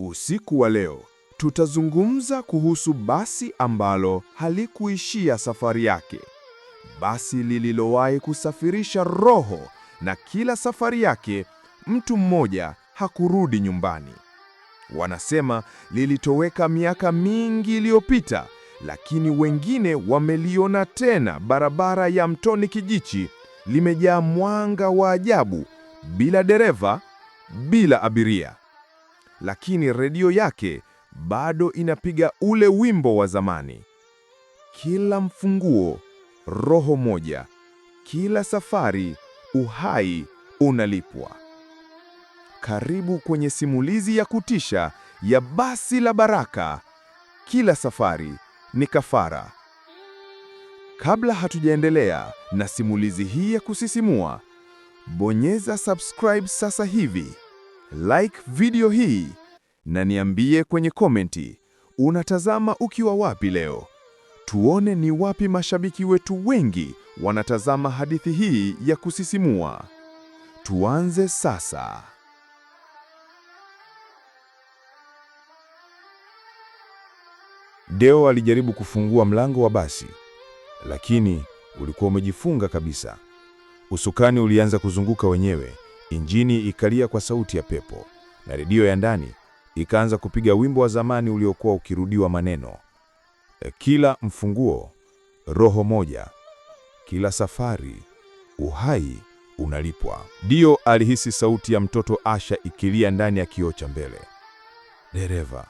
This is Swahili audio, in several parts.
Usiku wa leo tutazungumza kuhusu basi ambalo halikuishia safari yake, basi lililowahi kusafirisha roho, na kila safari yake mtu mmoja hakurudi nyumbani. Wanasema lilitoweka miaka mingi iliyopita, lakini wengine wameliona tena barabara ya Mtoni Kijichi, limejaa mwanga wa ajabu, bila dereva, bila abiria lakini redio yake bado inapiga ule wimbo wa zamani. Kila mfunguo, roho moja; kila safari, uhai unalipwa. Karibu kwenye simulizi ya kutisha ya Basi la Baraka. Kila safari ni kafara. Kabla hatujaendelea na simulizi hii ya kusisimua, bonyeza subscribe sasa hivi like video hii na niambie kwenye komenti unatazama ukiwa wapi leo. Tuone ni wapi mashabiki wetu wengi wanatazama hadithi hii ya kusisimua. Tuanze sasa. Deo alijaribu kufungua mlango wa basi, lakini ulikuwa umejifunga kabisa. Usukani ulianza kuzunguka wenyewe. Injini ikalia kwa sauti ya pepo, na redio ya ndani ikaanza kupiga wimbo wa zamani uliokuwa ukirudiwa maneno. E, kila mfunguo, roho moja. Kila safari, uhai unalipwa. Dio alihisi sauti ya mtoto Asha ikilia ndani ya kioo cha mbele. Dereva,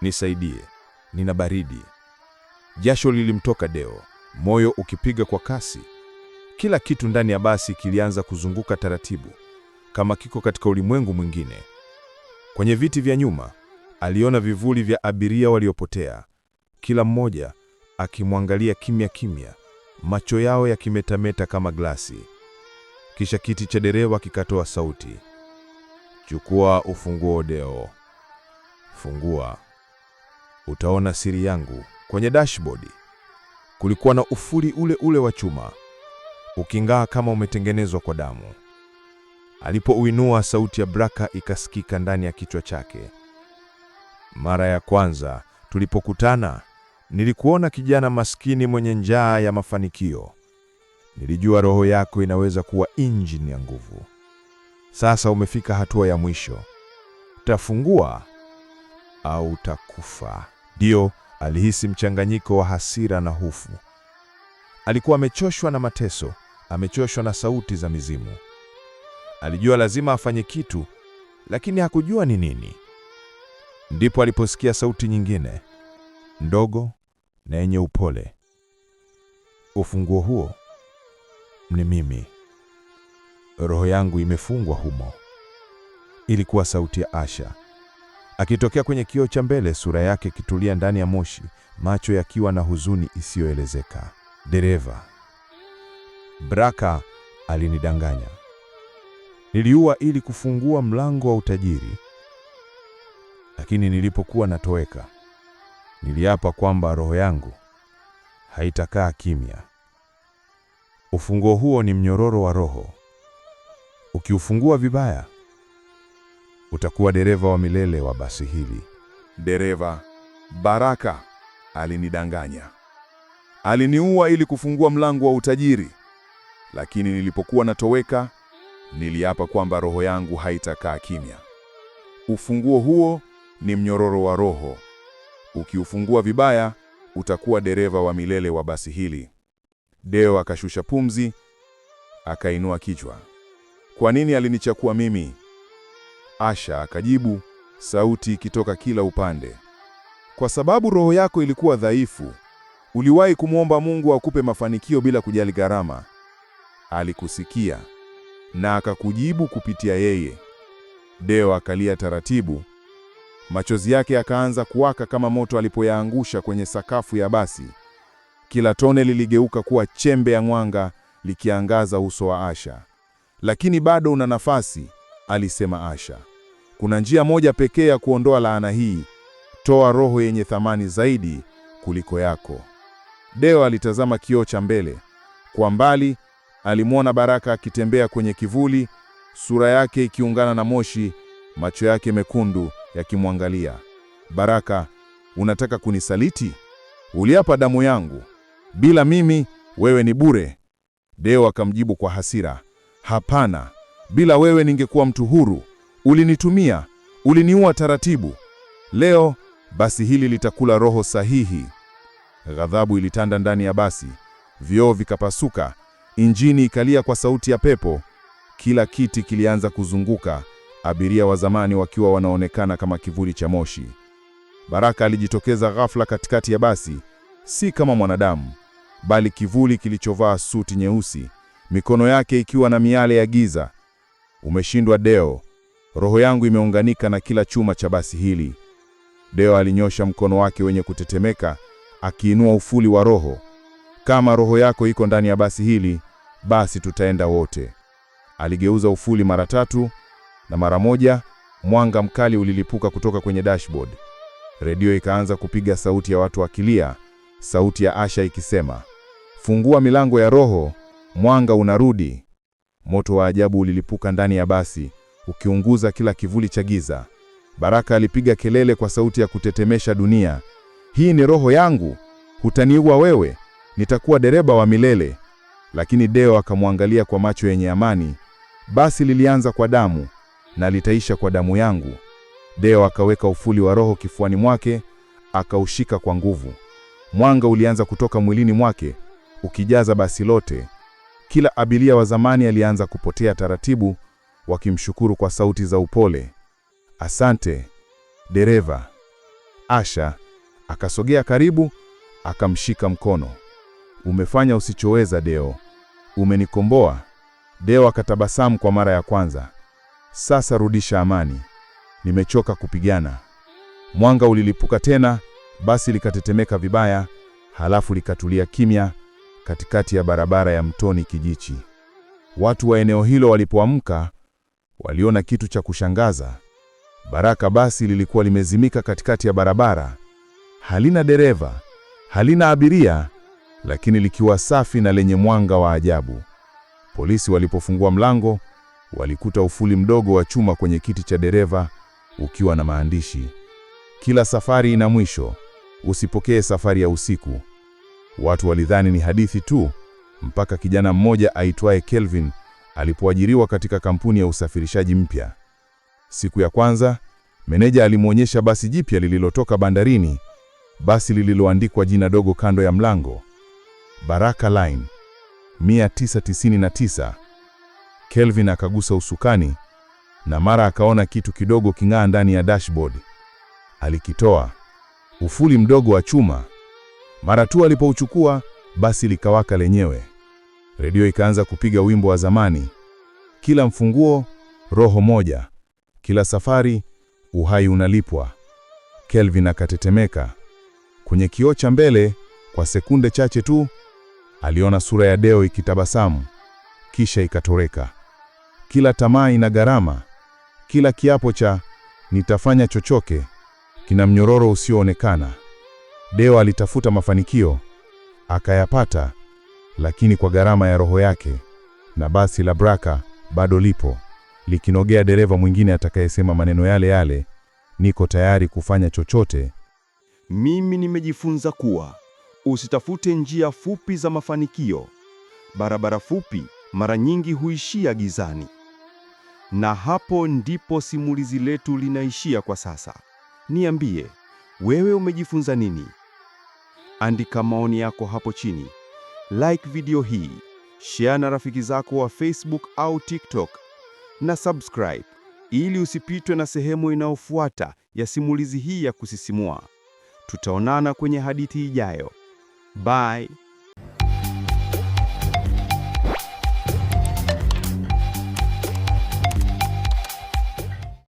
nisaidie, nina baridi. Jasho lilimtoka Deo, moyo ukipiga kwa kasi. Kila kitu ndani ya basi kilianza kuzunguka taratibu kama kiko katika ulimwengu mwingine. Kwenye viti vya nyuma aliona vivuli vya abiria waliopotea, kila mmoja akimwangalia kimya kimya, macho yao yakimetameta kama glasi. Kisha kiti cha dereva kikatoa sauti, chukua ufunguo Deo, fungua, utaona siri yangu. Kwenye dashbodi kulikuwa na ufuli ule ule wa chuma ukingaa kama umetengenezwa kwa damu. Alipouinua sauti ya Braka ikasikika ndani ya kichwa chake. Mara ya kwanza tulipokutana, nilikuona kijana maskini mwenye njaa ya mafanikio. Nilijua roho yako inaweza kuwa injini ya nguvu. Sasa umefika hatua ya mwisho. Utafungua au utakufa. Dio alihisi mchanganyiko wa hasira na hofu. Alikuwa amechoshwa na mateso, amechoshwa na sauti za mizimu. Alijua lazima afanye kitu, lakini hakujua ni nini. Ndipo aliposikia sauti nyingine ndogo na yenye upole, ufunguo huo ni mimi, roho yangu imefungwa humo. Ilikuwa sauti ya Asha akitokea kwenye kioo cha mbele, sura yake ikitulia ndani ya moshi, macho yakiwa na huzuni isiyoelezeka. Dereva Braka alinidanganya. Niliua ili kufungua mlango wa utajiri, lakini nilipokuwa natoweka, niliapa kwamba roho yangu haitakaa kimya. Ufunguo huo ni mnyororo wa roho. Ukiufungua vibaya, utakuwa dereva wa milele wa basi hili. Dereva Baraka alinidanganya, aliniua ili kufungua mlango wa utajiri, lakini nilipokuwa natoweka niliapa kwamba roho yangu haitakaa kimya. Ufunguo huo ni mnyororo wa roho. Ukiufungua vibaya, utakuwa dereva wa milele wa basi hili. Deo akashusha pumzi, akainua kichwa. Kwa nini alinichakua mimi? Asha akajibu, sauti ikitoka kila upande. Kwa sababu roho yako ilikuwa dhaifu. Uliwahi kumwomba Mungu akupe mafanikio bila kujali gharama. Alikusikia na akakujibu kupitia yeye. Deo akalia taratibu, machozi yake yakaanza kuwaka kama moto alipoyaangusha kwenye sakafu ya basi. Kila tone liligeuka kuwa chembe ya mwanga likiangaza uso wa Asha. Lakini bado una nafasi, alisema Asha. Kuna njia moja pekee ya kuondoa laana hii. Toa roho yenye thamani zaidi kuliko yako. Deo alitazama kioo cha mbele. Kwa mbali alimwona Baraka akitembea kwenye kivuli, sura yake ikiungana na moshi, macho yake mekundu yakimwangalia. Baraka, unataka kunisaliti? Uliapa damu yangu, bila mimi wewe ni bure. Deo akamjibu kwa hasira, hapana, bila wewe ningekuwa mtu huru. Ulinitumia, uliniua taratibu. Leo basi hili litakula roho sahihi. Ghadhabu ilitanda ndani ya basi, vioo vikapasuka Injini ikalia kwa sauti ya pepo, kila kiti kilianza kuzunguka, abiria wa zamani wakiwa wanaonekana kama kivuli cha moshi. Baraka alijitokeza ghafla katikati ya basi, si kama mwanadamu, bali kivuli kilichovaa suti nyeusi, mikono yake ikiwa na miale ya giza. Umeshindwa Deo, roho yangu imeunganika na kila chuma cha basi hili. Deo alinyosha mkono wake wenye kutetemeka, akiinua ufuli wa roho. Kama roho yako iko ndani ya basi hili, basi tutaenda wote. Aligeuza ufuli mara tatu na mara moja mwanga mkali ulilipuka kutoka kwenye dashboard. Redio ikaanza kupiga sauti ya watu wakilia, sauti ya Asha ikisema, fungua milango ya roho, mwanga unarudi. Moto wa ajabu ulilipuka ndani ya basi ukiunguza kila kivuli cha giza. Baraka alipiga kelele kwa sauti ya kutetemesha dunia, hii ni roho yangu, hutaniua wewe nitakuwa dereba wa milele. Lakini Deo akamwangalia kwa macho yenye amani. Basi lilianza kwa damu na litaisha kwa damu yangu. Deo akaweka ufuli wa roho kifuani mwake, akaushika kwa nguvu. Mwanga ulianza kutoka mwilini mwake ukijaza basi lote. Kila abiria wa zamani alianza kupotea taratibu, wakimshukuru kwa sauti za upole, asante dereva. Asha akasogea karibu, akamshika mkono. Umefanya usichoweza Deo, umenikomboa. Deo akatabasamu kwa mara ya kwanza. Sasa rudisha amani, nimechoka kupigana. Mwanga ulilipuka tena, basi likatetemeka vibaya, halafu likatulia kimya katikati ya barabara ya Mtoni Kijichi. Watu wa eneo hilo walipoamka waliona kitu cha kushangaza. Baraka basi lilikuwa limezimika katikati ya barabara, halina dereva, halina abiria, lakini likiwa safi na lenye mwanga wa ajabu. Polisi walipofungua mlango, walikuta ufuli mdogo wa chuma kwenye kiti cha dereva ukiwa na maandishi: kila safari ina mwisho, usipokee safari ya usiku. Watu walidhani ni hadithi tu, mpaka kijana mmoja aitwaye Kelvin alipoajiriwa katika kampuni ya usafirishaji mpya. Siku ya kwanza, meneja alimwonyesha basi jipya lililotoka bandarini, basi lililoandikwa jina dogo kando ya mlango. Baraka Line 999. Kelvin akagusa usukani na mara akaona kitu kidogo king'aa ndani ya dashboard. Alikitoa, ufuli mdogo wa chuma. Mara tu alipouchukua, basi likawaka lenyewe. Redio ikaanza kupiga wimbo wa zamani. Kila mfunguo roho moja, kila safari uhai unalipwa. Kelvin akatetemeka. Kwenye kioo cha mbele, kwa sekunde chache tu Aliona sura ya Deo ikitabasamu, kisha ikatoreka. Kila tamaa ina gharama, kila kiapo cha nitafanya chochoke kina mnyororo usioonekana. Deo alitafuta mafanikio, akayapata, lakini kwa gharama ya roho yake, na basi la Braka bado lipo likinogea dereva mwingine atakayesema maneno yale yale, niko tayari kufanya chochote. Mimi nimejifunza kuwa Usitafute njia fupi za mafanikio. Barabara fupi mara nyingi huishia gizani. Na hapo ndipo simulizi letu linaishia kwa sasa. Niambie, wewe umejifunza nini? Andika maoni yako hapo chini. Like video hii, share na rafiki zako wa Facebook au TikTok na subscribe ili usipitwe na sehemu inayofuata ya simulizi hii ya kusisimua. Tutaonana kwenye hadithi ijayo. Bye.